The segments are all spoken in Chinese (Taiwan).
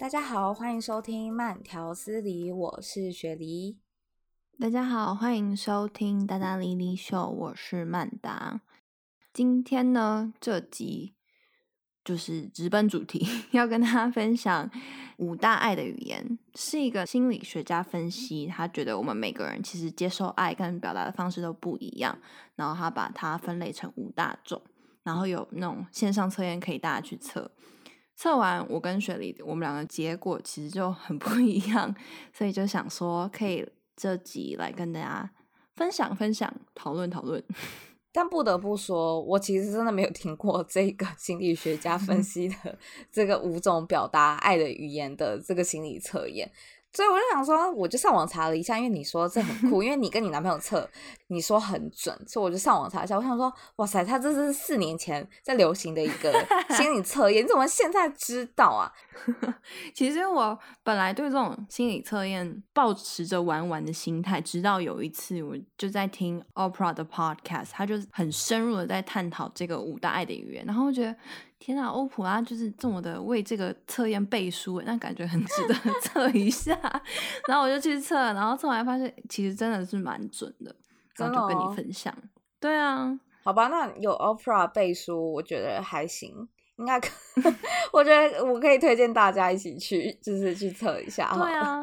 大家好，歡迎收聽慢條斯理，我是雪梨。大家好，歡迎收聽達達莉莉秀，我是曼達。今天呢，這集就是直奔主題，要跟大家分享。五大愛的語言是一個心理學家分析，他覺得我們每個人其實接受愛跟表達的方式都不一樣，然後他把它分類成五大種，然後有那種線上測驗可以大家去測。測完我跟雪莉，我們兩個結果其實就很不一樣，所以就想說可以這集來跟大家分享分享，討論討論。但不得不說，我其實真的沒有聽過這個心理學家分析的這個五種表達愛的語言的這個心理測驗。所以我就想說，我就上網查了一下，因為你說這很酷，因為你跟你男朋友測， 你說很準，所以我就上網查一下。我想說，哇塞，他這是四年前在流行的一個心理測驗， 你怎麼現在知道啊？ 其實我本來對這種心理測驗抱持着玩玩的心態，直到有一次我就在聽 Oprah 的 podcast，他就很深入的在探討這個五大愛的語言，然後我覺得。天吶、啊，歐普啊，就是這麼的為這個測驗背書耶，那感覺很值得測一下。 然後我就去測，然後測完發現其實真的是蠻準的，然後就跟你分享。哦、對啊，好吧，那有 o 歐普啊背書，我覺得還行，應該可， 我覺得我可以推薦大家一起去，就是去測一下。對啊，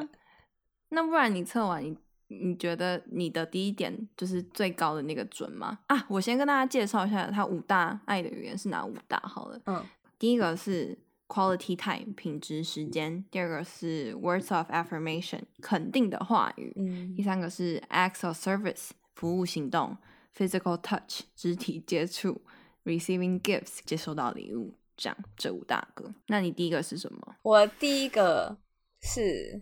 那不然你測完你。你覺得你的第一點就是最高的那個準嗎？啊，我先跟大家介紹一下，它五大愛的語言是哪五大？好了，嗯，第一個是 quality time 品質時間，第二個是 words of affirmation 肯定的話語，嗯，第三個是 acts of service 服務行動，嗯，physical touch 肢體接觸，receiving gifts 接收到禮物，這樣這五大個。那你第一個是什麼？我第一個是。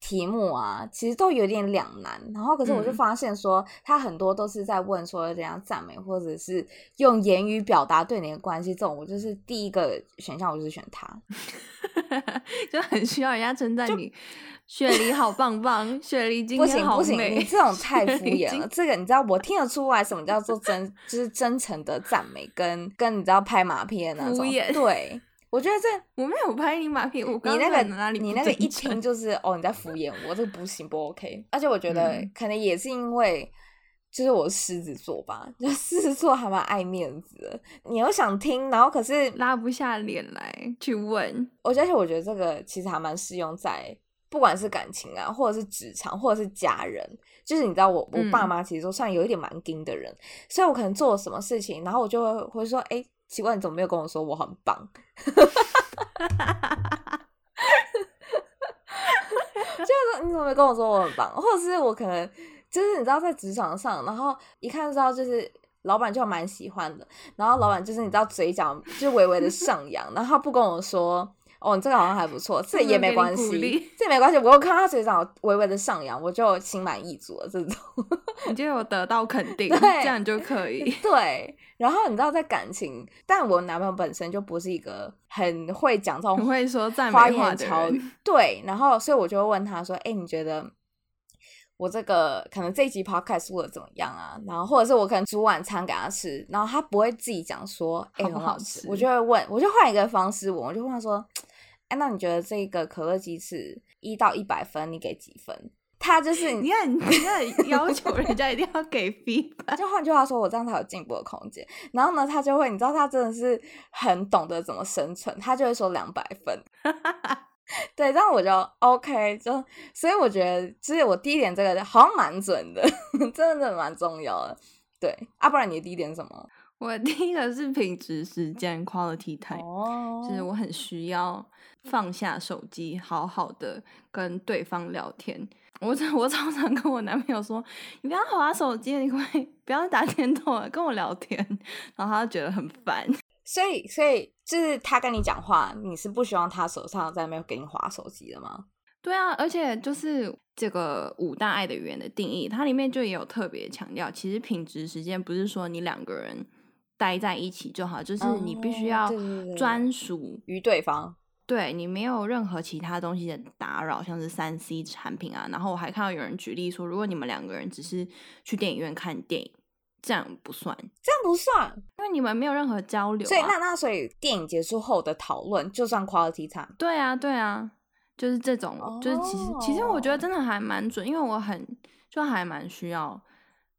題目啊，其實都有點兩難。然後，可是我就發現說，嗯、他很多都是在問說怎樣讚美，或者是用言語表達對你的關心。這種我就是第一個選項，我就是選他， 就很需要人家稱讚你。就 雪梨好棒棒， 雪梨今天好美。不行不行，你這種太敷衍了。這個你知道，我聽得出來什麼叫做真， 就是真誠的讚美，跟跟你知道拍馬屁的那種。敷衍。對。我覺得這我沒有拍你馬屁，我你那個哪裡？你那個一聽就是哦，你在敷衍我， 這不行不 OK。而且我覺得可能也是因為，就是我獅子座吧，就獅子座還蠻愛面子的。你又想聽，然後可是拉不下臉來去問我覺得。而且我覺得這個其實還蠻適用在，不管是感情啊，或者是職場，或者是家人，就是你知道我我爸媽其實算有一點蠻硬的人，嗯、所以我可能做了什麼事情，然後我就會會說哎。欸奇怪，你怎麼沒有跟我說我很棒？ 就是你怎麼沒跟我說我很棒？或者是我可能就是你知道在職場上，然後一看就知道就是老闆就蠻喜歡的，然後老闆就是你知道嘴角就微微的上揚， 然後他不跟我說。哦，這個好像還不錯，這,這也沒關係，勵這也沒關係。我又看到他嘴角微微的上揚，我就心滿意足了。這種 你就有得到肯定，對這樣就可以。對。然後你知道，在感情，但我男朋友本身就不是一個很會講這種，很會說花言巧語。對。然後，所以我就會問他說：“哎， 你覺得我這個可能這一集 Podcast 做得怎麼樣啊？”然後或者是我可能煮晚餐給他吃，然後他不會自己講說：“哎，很好,好吃。”我就會問，我就換一個方式，我就問他說。哎、欸，那你覺得這個可樂雞翅一到一百分，你給幾分？他就是，你看很， 你看，要求人家一定要給 B，就換句話說，我這樣才有進步的空間。然後呢，他就會，你知道，他真的是很懂得怎麼生存，他就會說兩百分。 對，然後我就 OK，就所以我覺得，其實、就是、我第一點這個好像蠻準的， 真的真的蠻重要的。對啊，不然你第一點什麼？我的第一個是品質時間 quality time，、oh. 就是我很需要。放下手機，好好的跟對方聊天。我我常常跟我男朋友說：“你不要滑手機，你會不要打電動，跟我聊天。”然後他就覺得很煩。所以，所以就是他跟你講話，你是不希望他手上再沒有給你滑手機的嗎？對啊，而且就是這個五大愛的語言的定義，它裡面就也有特別強調，其實品質時間不是說你兩個人待在一起就好，就是你必須要專屬、嗯、對對對於對方。對你沒有任何其他東西的打擾，像是三 C 產品啊。然後我還看到有人舉例說，如果你們兩個人只是去電影院看電影，這樣不算，這樣不算，因為你們沒有任何交流、啊所。所以那那所以電影結束後的討論就算 quality time。對啊對啊，就是這種，就是其實、哦、其實我覺得真的還蠻準，因為我很就還蠻需要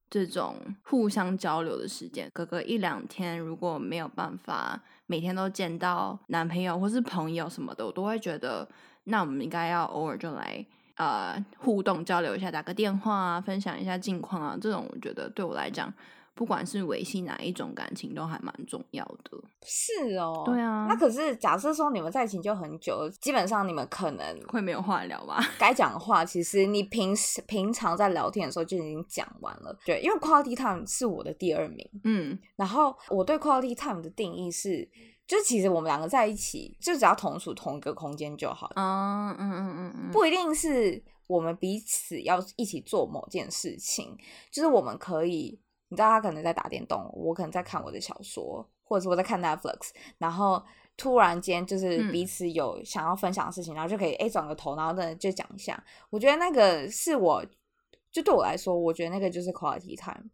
這種互相交流的時間。隔個一兩天如果沒有辦法。每天都見到男朋友或是朋友什麼的，我都會覺得，那我們應該要偶爾就來呃互動交流一下，打個電話啊，分享一下近況啊，這種我覺得對我來講。不管是維繫哪一種感情，都還蠻重要的。是哦、喔，對啊。那可是假設說你們在一起就很久，基本上你們可能會沒有話聊吧？該講的話，其實你平時平常在聊天的時候就已經講完了。對，因為 quality time 是我的第二名。嗯，然後我對 quality time 的定義是，就是其實我們兩個在一起，就只要同處同一個空間就好。嗯嗯嗯嗯，嗯嗯嗯，不一定是我們彼此要一起做某件事情，就是我們可以。你知道他可能在打電動，我可能在看我的小說，或者是我在看 Netflix。然後突然間，就是彼此有想要分享的事情，嗯、然後就可以哎轉個頭，然後就講一下。我覺得那個是我，就對我來說，我覺得那個就是 quality time。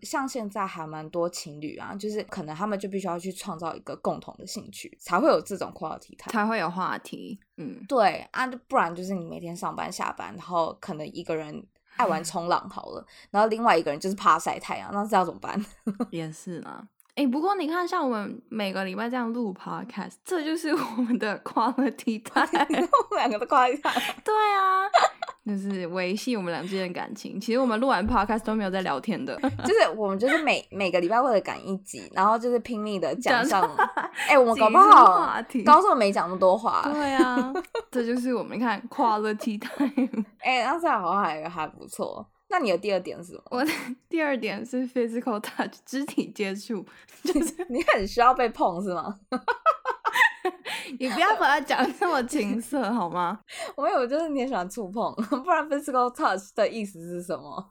像現在還蠻多情侶啊，就是可能他們就必須要去創造一個共同的興趣，才會有這種 quality time，才會有話題。嗯，對啊，不然就是你每天上班下班，然後可能一個人。愛玩衝浪好了，然後另外一個人就是怕曬太陽，那這要怎麼辦？也是啊，哎，不過你看，像我們每個禮拜這樣錄 Podcast，這就是我們的 quality time，我們兩個的 quality time，對啊。就是維繫我們倆之間的感情。其實我們錄完 podcast 都沒有在聊天的，就是我們就是每每個禮拜會趕一集，然後就是拼命的講上。哎的、欸，我們搞不好高勝沒講那麼多話。 對呀、啊，這就是我們看 quality time。哎、 欸，這樣好像還還不錯。那你的第二點是什麼？我的第二點是 physical touch，肢體接觸，就是你，你很需要被碰是嗎？ 你不要把它講的那麼情色 好嗎？我以為就是你也喜歡觸碰，不然 physical touch 的意思是什麼？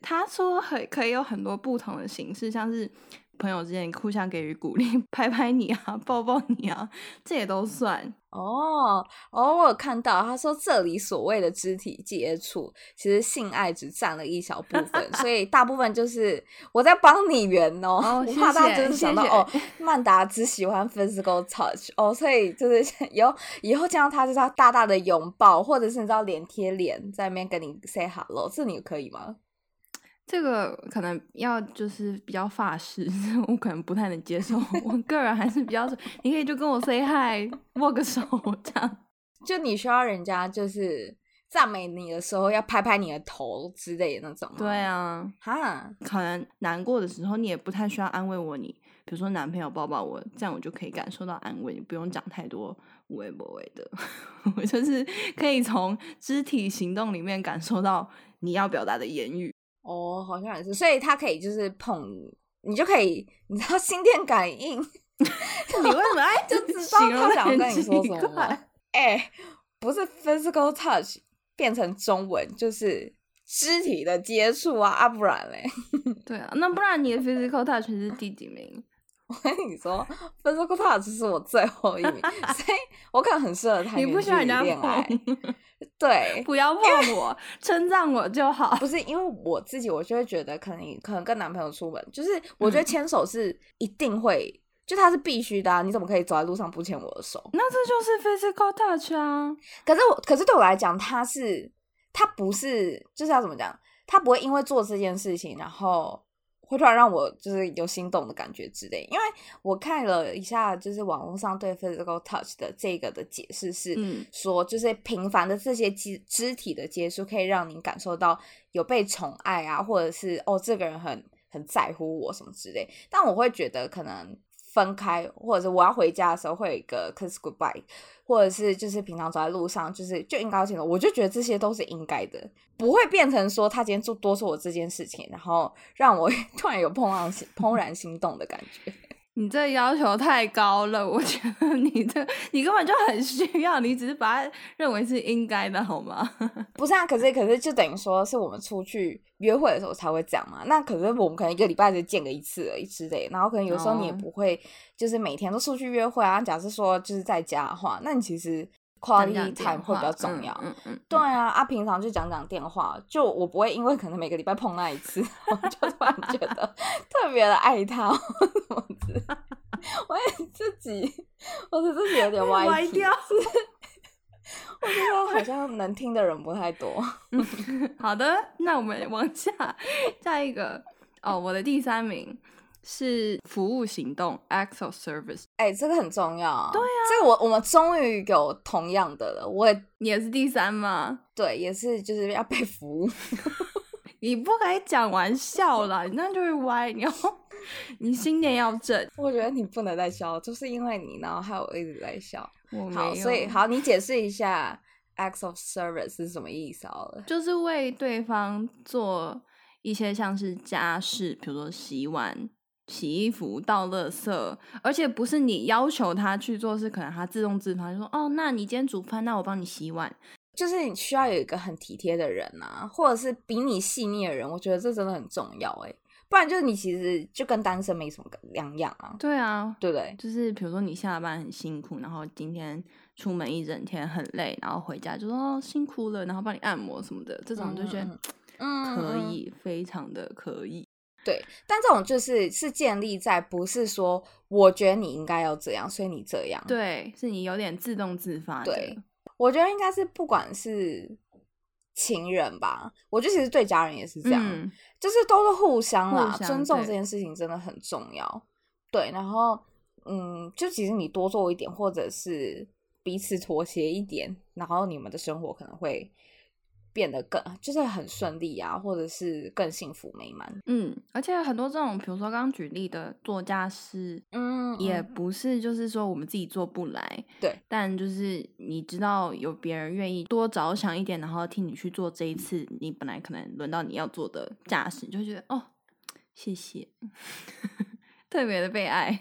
他說可以有很多不同的形式，像是。朋友之間互相給予鼓勵，拍拍你啊，抱抱你啊，這也都算哦。哦、嗯，oh, oh, 我有看到他說，這裡所謂的肢體接觸，其實性愛只占了一小部分， 所以大部分就是我在幫你圓哦。Oh, 我怕他真的想到謝謝哦，曼達只喜歡 physical touch 哦， oh, 所以就是以後以後見到他就是要大大的擁抱，或者是你知道連臉貼臉在那邊跟你 say hello，這你可以嗎？這個可能要就是比較法式，我可能不太能接受。我個人還是比較，你可以就跟我 say hi，握個手這樣。就你需要人家就是讚美你的時候，要拍拍你的頭之類的那種。對啊，哈，Huh? 可能難過的時候你也不太需要安慰我，你比如說男朋友抱抱我，這樣我就可以感受到安慰，你不用講太多有的沒的的，我 就是可以從肢體行動裡面感受到你要表達的言語。哦，oh, 好像也是，所以他可以就是碰，你就可以，你知道心電感應。 你為什麼哎，就只知道我想跟你說什麼？哎怪、欸，不是 physical touch 變成中文就是肢體的接觸啊啊， 啊不然嘞？ 對啊，那不然你的 physical touch 是第幾名？ 我跟你說 physical touch 是我最後一名，所以我可能很適合談男女戀愛。對，不要碰我，稱讚 我就好。 不是因為我自己，我就會覺得可能可能跟男朋友出門，就是我覺得牽手是一定會， 就他是必須的啊。你怎麼可以走在路上不牽我的手？ 那這就是 physical touch 啊。 可是我，可是對我來講，他是他不是就是要怎麼講？他不會因為做這件事情，然後。突然讓我就是有心動的感覺之類，因為我看了一下，就是網絡上對 physical touch 的這個的解釋是說，就是頻繁的這些肢肢體的接觸，可以讓你感受到有被寵愛啊，或者是哦這個人很很在乎我什麼之類。但我會覺得可能。分開，或者是我要回家的時候，會有一個 kiss goodbye，或者是就是平常走在路上，就是就應該要結束。我就覺得這些都是應該的，不會變成說他今天做多說我這件事情，然後讓我突然有怦然 怦然心動的感覺。你這要求太高了，我覺得你這你根本就很需要，你只是把它認為是應該的好嗎？不是啊，可是可是就等於說是我們出去約會的時候才會講嘛。那可是我們可能一個禮拜就見個一次而已之類，然後可能有時候你也不會，就是每天都出去約會啊。假設說就是在家的話，那你其實。quality time 會比較重要，講講嗯嗯嗯、對啊，啊，平常就講講電話，就我不會因為可能每個禮拜碰那一次， 我就突然覺得特別的愛他， 我怎麼我也自己，我覺得自己有點 t，歪掉。我覺得好像能聽的人不太多。 嗯、好的，那我們往下再一個，哦，我的第三名。是服務行動，acts of service。哎、欸，這個很重要。對啊，這我我們終於有同樣的了。我也你也是第三嘛？對，也是就是要被服務。 你不該講玩笑啦，你 那就會歪。你要你心念要正。我覺得你不能再笑，就是因為你，然後害我一直在笑。沒有。好，所以好，你解釋一下 acts of service 是什麼意思啊？就是為對方做一些像是家事，比如說洗碗。洗衣服、倒垃圾，而且不是你要求他去做事，是可能他自動自發就說：“哦，那你今天煮飯，那我幫你洗碗。”就是你需要有一個很體貼的人吶、啊，或者是比你細膩的人，我覺得這真的很重要哎、欸。不然就是你其實就跟單身沒什麼兩樣啊。對啊，對不對？就是比如說你下班很辛苦，然後今天出門一整天很累，然後回家就說：“哦、辛苦了”，然後幫你按摩什麼的，這種就覺得嗯可以，嗯、非常的可以。對，但這種就是是建立在不是說我覺得你應該要這樣，所以你這樣，對，是你有點自動自發的。對，我覺得應該是不管是情人吧，我覺得其實對家人也是這樣，嗯，就是都是互相啦，互相尊重這件事情真的很重要。對，對，然後嗯，就其實你多做一點，或者是彼此妥協一點，然後你們的生活可能會。變得更就是很順利啊，或者是更幸福美滿。嗯，而且很多這種，比如說剛剛舉例的做駕駛，嗯，也不是就是說我們自己做不來，對。但就是你知道有別人願意多着想一點，然後替你去做這一次，你本來可能輪到你要做的駕駛，就會覺得哦，謝謝， 特別的被愛。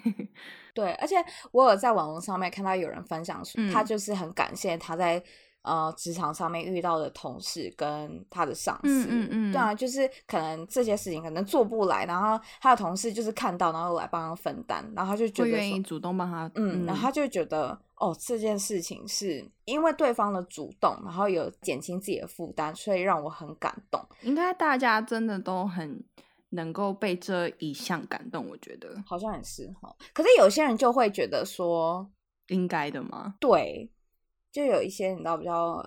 對，而且我有在網絡上面看到有人分享說，嗯、他就是很感謝他在。呃，職場上面遇到的同事跟他的上司，嗯嗯嗯，對啊，就是可能這些事情可能做不來，然後他的同事就是看到，然後又來幫他分擔，然後他就覺得就願意主動幫他，嗯，嗯，然後他就覺得哦，這件事情是因為對方的主動，然後有減輕自己的負擔，所以讓我很感動。應該大家真的都很能夠被這一項感動，我覺得好像也是哈、哦。可是有些人就會覺得說應該的嗎？對。就有一些你知道比較，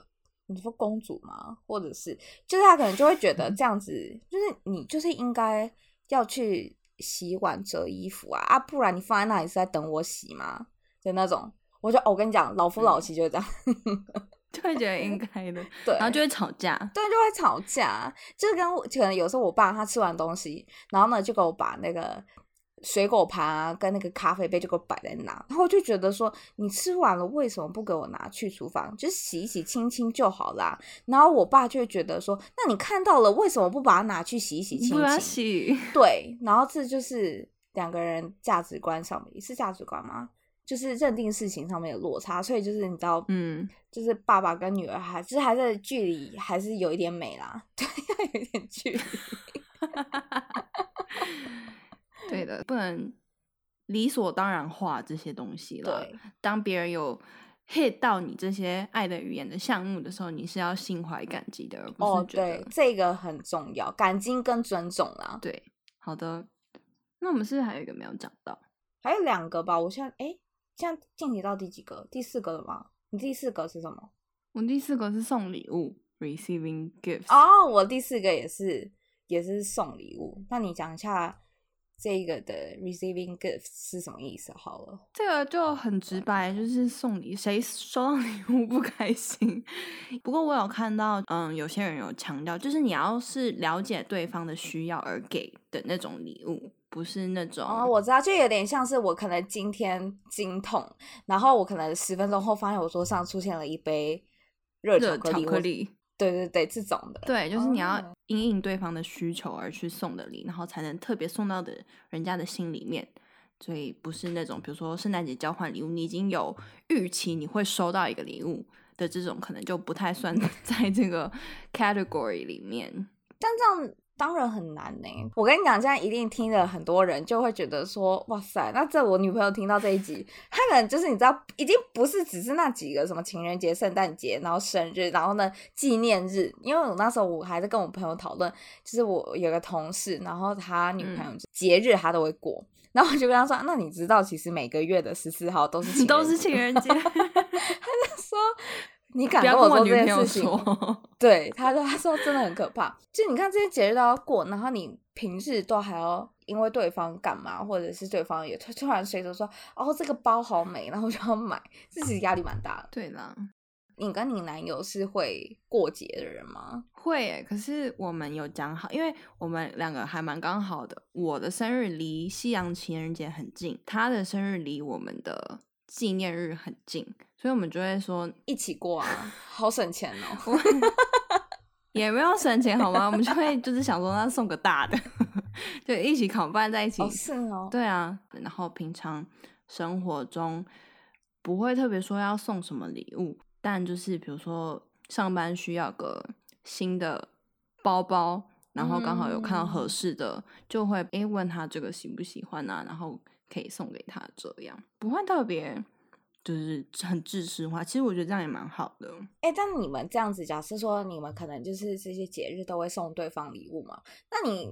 你說公主嘛，或者是就是他可能就會覺得這樣子，嗯、就是你就是應該要去洗碗、折衣服啊，啊，不然你放在那裡是在等我洗嗎？就那種，我就、哦、我跟你講，老夫老妻就這樣、嗯，就會覺得應該的， 對，然後就會吵架，對，就會吵架，就是跟可能有時候我爸他吃完東西，然後呢就給我把那個。水果盤啊，跟那個咖啡杯就給我擺在那，然後我就覺得說，你吃完了為什麼不給我拿去廚房？就洗一洗、清清就好啦。然後我爸就覺得說，那你看到了為什麼不把它拿去洗一洗、清清？不、啊、洗。對，然後這就是兩個人價值觀上面，是價值觀嗎？就是認定事情上面的落差，所以就是你知道，嗯，就是爸爸跟女兒還是就是還在距離還是有一點美啦，對，有一點距離。 對的，不能理所當然化這些東西了。對，當別人有 hit 到你這些愛的語言的項目的時候，你是要心懷感激的，而不是覺得，哦，對，這個很重要，感激跟尊重了。對，好的。那我們是不是還有一個沒有講到？還有兩個吧。我現在哎，現在進行到第幾個？第四個了嗎？你第四個是什麼？我第四個是送禮物，receiving gifts。哦，oh, 我第四個也是也是送禮物。那你講一下。這個的 receiving gifts 是什麼意思？好了，這個就很直白，就是送禮。誰收到禮物不開心？不過我有看到，嗯，有些人有強調，就是你要是了解對方的需要而給的那種禮物，不是那種。哦，我知道，就有點像是我可能今天經痛，然後我可能十分鐘後發現我桌上出現了一杯熱巧克力。對對對，這種的，對，就是你要因應對方的需求而去送的禮，oh, no. 然後才能特別送到的人家的心裡面。所以不是那種，比如說聖誕節交換禮物，你已經有預期你會收到一個禮物的這種，可能就不太算在這個 category 裡面。但這樣。當然很難呢，我跟你講，現在一定聽了很多人就會覺得說，哇塞，那這我女朋友聽到這一集，她可能就是你知道，已經不是只是那幾個什麼情人節、聖誕節，然後生日，然後呢紀念日，因為我那時候我還是跟我朋友討論，就是我有個同事，然後他女朋友節日他都會過，嗯。然後我就跟他說，啊，那你知道其實每個月的十四號都是都是情人節，人節 他就說。你敢跟我說這件事情？不不說 對，他說他說真的很可怕。就你看，這些節日都要過，然後你平時都還要因為對方幹嘛，或者是對方也突突然隨手說哦，這個包好美，然後我就要買，這其實壓力蠻大的。對啦了。你跟你男友是會過節的人嗎？會、欸。可是我們有講好，因為我們兩個還蠻剛好的。我的生日離西洋情人節很近，他的生日離我們的紀念日很近。所以我們就會說一起過啊， 好省錢哦， 也沒有省錢好嗎？我們就會就是想說，那送個大的， 就一起烤飯在一起，好省哦。哦對啊，然後平常生活中不會特別說要送什麼禮物，但就是比如說上班需要個新的包包，然後剛好有看到合適的，嗯、就會哎問他這個喜不喜歡啊，然後可以送給他，這樣不會特別。就是很自私化，其實我覺得這樣也蠻好的。哎、欸，但你們這樣子，假設說你們可能就是這些節日都會送對方禮物嘛？那你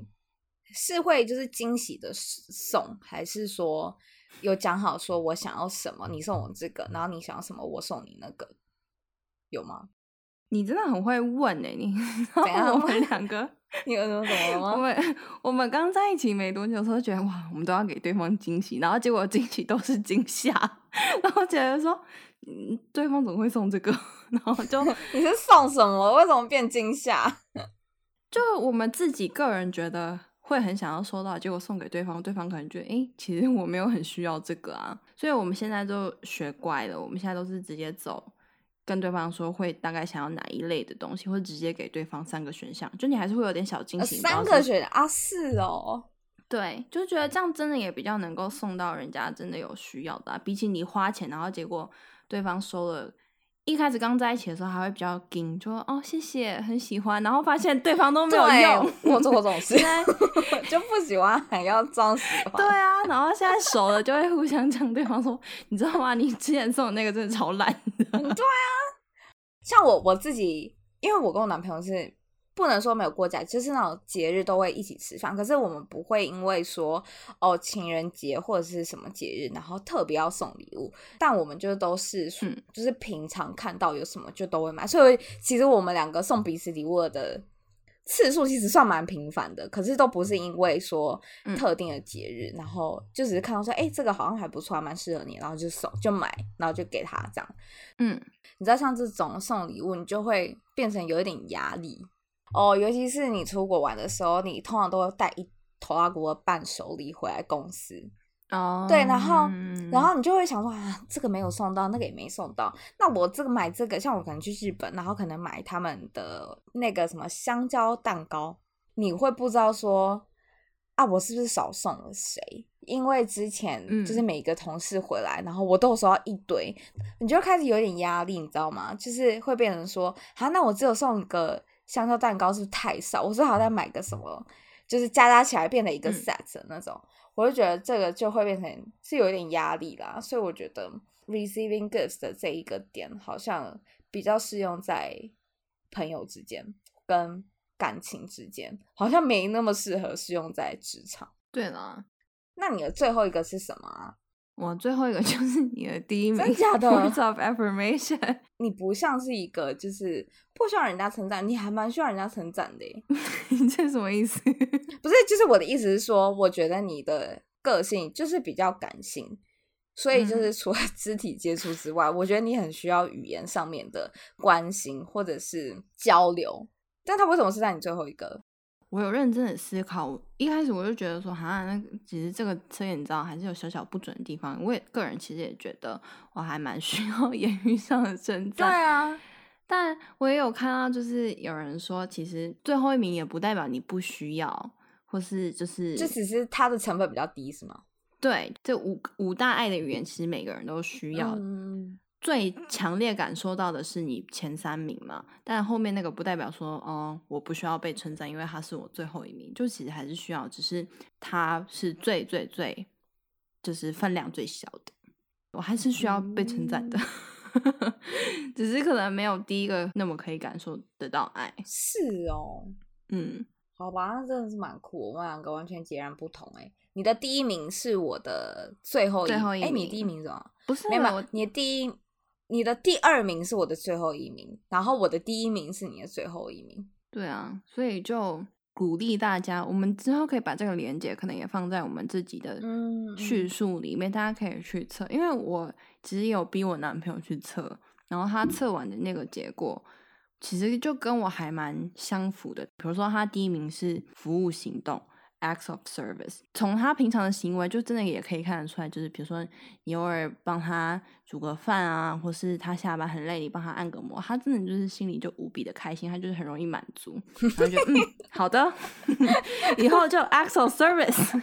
是會就是驚喜的送，還是說有講好說我想要什麼，你送我這個，然後你想要什麼，我送你那個，有嗎？你真的很會問哎、欸，你等下我們兩個。你有什麼什麼嗎？我們我們剛在一起沒多久的時候，覺得哇，我們都要給對方驚喜，然後結果驚喜都是驚嚇，然後覺得說、嗯，對方怎麼會送這個？然後就 你是送什麼？為什麼變驚嚇？ 就我們自己個人覺得會很想要收到，結果送給對方，對方可能覺得、欸，其實我沒有很需要這個啊，所以我們現在就學乖了，我們現在都是直接走。跟對方說會大概想要哪一類的東西，或直接給對方三個選項，就你還是會有點小驚喜。三個選啊，是哦，對，就覺得這樣真的也比較能夠送到人家真的有需要的啊，比起你花錢，然後結果對方收了。一開始剛在一起的時候還會比較緊，就說哦，謝謝很喜歡，然後發現對方都沒有用，我做過這種事， 就不喜歡還要裝喜歡。對啊，然後現在熟了就會互相講對方說， 你知道嗎？你之前送的那個真的超爛的。對啊，像我我自己，因為我跟我男朋友是。不能說沒有過節，就是那種節日都會一起吃飯。可是我們不會因為說哦，情人節或者是什麼節日，然後特別要送禮物。但我們就都是、嗯、就是平常看到有什麼就都會買。所以其實我們兩個送彼此禮物的、嗯、次數其實算蠻頻繁的，可是都不是因為說特定的節日，嗯、然後就只是看到說哎、欸、這個好像還不錯，蠻適合你，然後就送就買，然後就給他這樣。嗯，你知道像這種送禮物，你就會變成有一點壓力。哦，oh, 尤其是你出國玩的時候，你通常都會帶一拖拉庫的伴手禮回來公司。哦，oh, 對，然後，然後你就會想說，啊，這個沒有送到，那個也沒送到，那我這個買這個，像我可能去日本，然後可能買他們的那個什麼香蕉蛋糕，你會不知道說，啊，我是不是少送了誰？因為之前就是每一個同事回來，嗯、然後我都有收到一堆，你就開始有點壓力，你知道嗎？就是會變成說，啊，那我只有送一個。香蕉蛋糕是不是太少，我是好像買個什麼，就是加加起來變了一個 set 那種，嗯、我就覺得這個就會變成是有一點壓力啦。所以我覺得 receiving gifts 的這一個點好像比較適用在朋友之間、跟感情之間，好像沒那麼適合適用在職場。對啦了，那你的最後一個是什麼啊？我最後一個就是你的第一名，Words of Affirmation。你不像是一個就是不需要人家稱讚，你還蠻需要人家稱讚的。你 這什麼意思？不是，就是我的意思是說，我覺得你的個性就是比較感性，所以就是除了肢體接觸之外，嗯、我覺得你很需要語言上面的關心或者是交流。但他為什麼是在你最後一個？我有認真的思考，一開始我就覺得說，哈，那其實這個測驗，你知道還是有小小不準的地方。我也個人其實也覺得我還蠻需要言語上的稱讚。對啊，但我也有看到，就是有人說，其實最後一名也不代表你不需要，或是就是這只是它的成本比較低，是嗎？對，這五五大愛的語言其實每個人都需要。嗯最強烈感受到的是你前三名嘛，但後面那個不代表說哦，我不需要被稱讚，因為他是我最後一名，就其實還是需要，只是他是最最最，就是分量最小的，我還是需要被稱讚的，嗯、 只是可能沒有第一個那麼可以感受得到愛。是哦，嗯，好吧，那真的是蠻酷，我們兩個完全截然不同哎、欸，你的第一名是我的最後一，最後一名。哎，你第一名怎麼不是？我你第一。你的第二名是我的最後一名，然後我的第一名是你的最後一名。對啊，所以就鼓勵大家，我們之後可以把這個連結可能也放在我們自己的敘述裡面，嗯嗯，大家可以去測。因為我只有逼我男朋友去測，然後他測完的那個結果，其實就跟我還蠻相符的。比如說，他第一名是服務行動。Acts of Service，從他平常的行為就真的也可以看得出來，就是比如說你偶爾幫他煮個飯啊，或是他下班很累，你幫他按個摩，他真的就是心裡就無比的開心，他就是很容易滿足， 然後就嗯好的， 以後就 Acts of Service，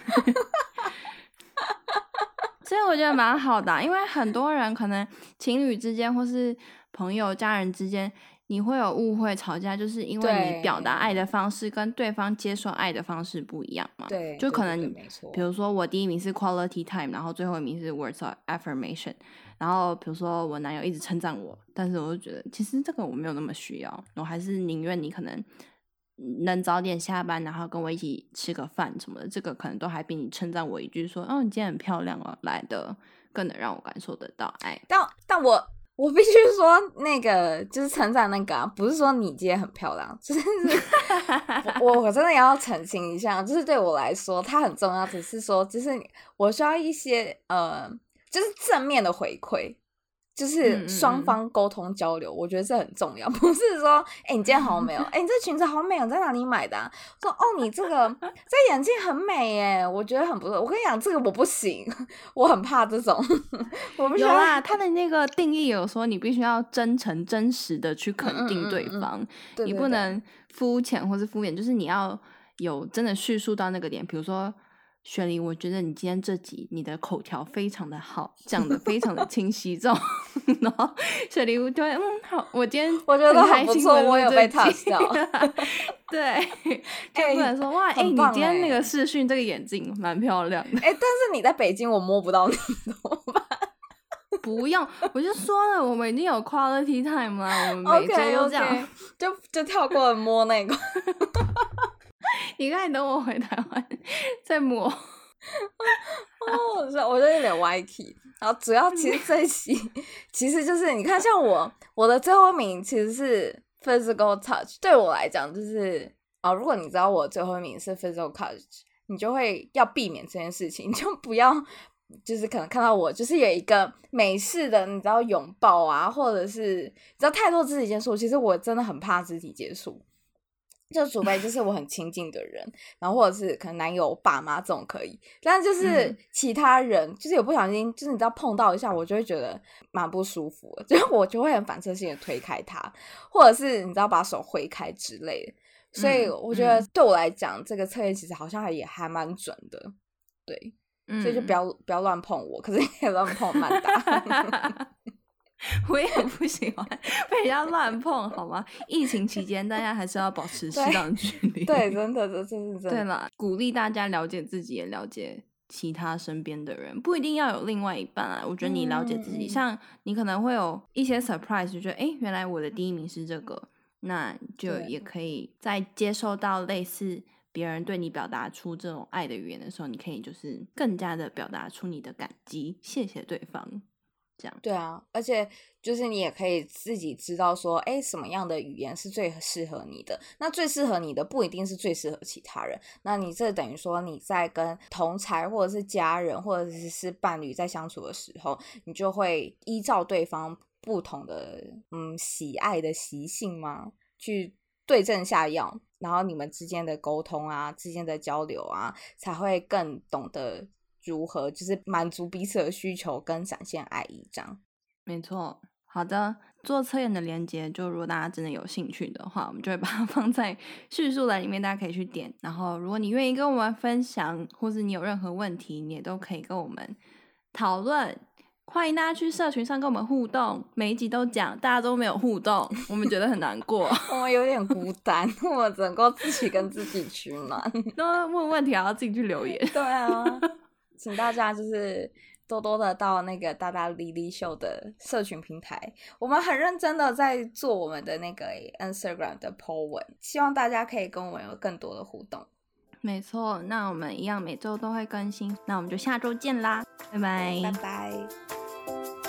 所以我覺得蠻好的，因為很多人可能情侶之間或是朋友、家人之間。你會有誤會、吵架，就是因為你表達愛的方式跟對方接受愛的方式不一樣嘛？對，就可能，比如說我第一名是 quality time，然後最後一名是 words of affirmation。然後比如說我男友一直稱讚我，但是我就覺得其實這個我沒有那麼需要，我還是寧願你可能能早點下班，然後跟我一起吃個飯什麼的，這個可能都還比你稱讚我一句說“哦，你今天很漂亮哦、啊”來的更能讓我感受得到愛。但但我。我必須說，那個就是成長，那個啊，不是說你今天很漂亮，就是 我我真的要澄清一下，就是對我來說，它很重要，只是說，就是我需要一些呃，就是正面的回饋。就是雙方溝通交流，嗯嗯，我覺得這很重要。不是說，誒、欸，你今天好美哦，誒、欸，你這裙子好美，哦，在哪裡買的、啊？說，哦，你這個 這眼鏡很美誒，我覺得很不錯。我跟你講，這個我不行，我很怕這種。我不有啊，他的那個定義有說，你必須要真誠、真實的去肯定對方，你不能膚淺或是敷衍，就是你要有真的敘述到那個點，比如說。雪梨，我覺得你今天這集你的口條非常的好，講的非常的清晰， 然後雪梨，我就會嗯，好，我今天我覺得還不錯，問問我有被套笑啊。對，哎、欸，突然說哇，哎、欸欸，你今天那個視訊、欸、個視訊這個眼鏡蠻漂亮的，哎、欸，但是你在北京，我摸不到你，怎麼辦？不用，我就說了，我們已經有 quality time 了，我們每天都這樣，okay, okay, 就就跳過了摸那個。 你看該等我回台灣再摸。 哦，我我這有點歪題。然後主要其實這期 其實就是你看，像我我的最後名其實是 physical touch，對我來講就是啊、哦，如果你知道我最後名是 physical touch，你就會要避免這件事情，你就不要就是可能看到我就是有一個美式的你知道擁抱啊，或者是知道太多肢體接觸，其實我真的很怕肢體接觸。就除非就是我很親近的人， 然後或者是可能男友爸媽這種可以，但就是其他人，就是有不小心，就是你知道碰到一下，我就會覺得蠻不舒服的，所以我就會很反射性的推開他，或者是你知道把手揮開之類的。所以我覺得對我來講，這個測驗其實好像也還蠻準的。對，嗯、所以就不要不要亂碰我，可是也亂碰蠻大。 我也不喜歡被人家亂碰，好嗎？ 疫情期間，大家還是要保持適當距離。對，對，真的，這是真的。對啦，鼓勵大家了解自己，也了解其他身邊的人，不一定要有另外一半啊。我覺得你了解自己，嗯、像你可能會有一些 surprise，就覺得、哎、欸，原來我的第一名是這個，嗯、那就也可以在接受到類似別人對你表達出這種愛的語言的時候，你可以就是更加的表達出你的感激，謝謝對方。對啊，而且就是你也可以自己知道說，哎，什麼樣的語言是最適合你的？那最適合你的不一定是最適合其他人。那你這等於說，你在跟同儕、或者是家人、或者是是伴侶在相處的時候，你就會依照對方不同的嗯、喜愛的習性嘛，去對症下藥，然後你們之間的溝通啊，之間的交流啊，才會更懂得，如何就是滿足彼此的需求跟展現愛意這樣。沒錯，好的，做測驗的連接，就如果大家真的有興趣的話，我們就會把它放在敘述欄裡面，大家可以去點。然後，如果你願意跟我們分享，或是你有任何問題，你也都可以跟我們討論。歡迎大家去社群上跟我們互動。每一集都講，大家都沒有互動，我們覺得很難過。 我有點孤單， 我只能夠自己跟自己取暖。那問問題還要自己去留言？對啊。 請大家就是多多的到那個大大莉莉秀的社群平台，我們很認真的在做我們的那個 Instagram 的 po 文，希望大家可以跟我們有更多的互動。沒錯，那我們一樣每周都會更新，那我們就下周見啦，bye bye 拜拜，拜拜。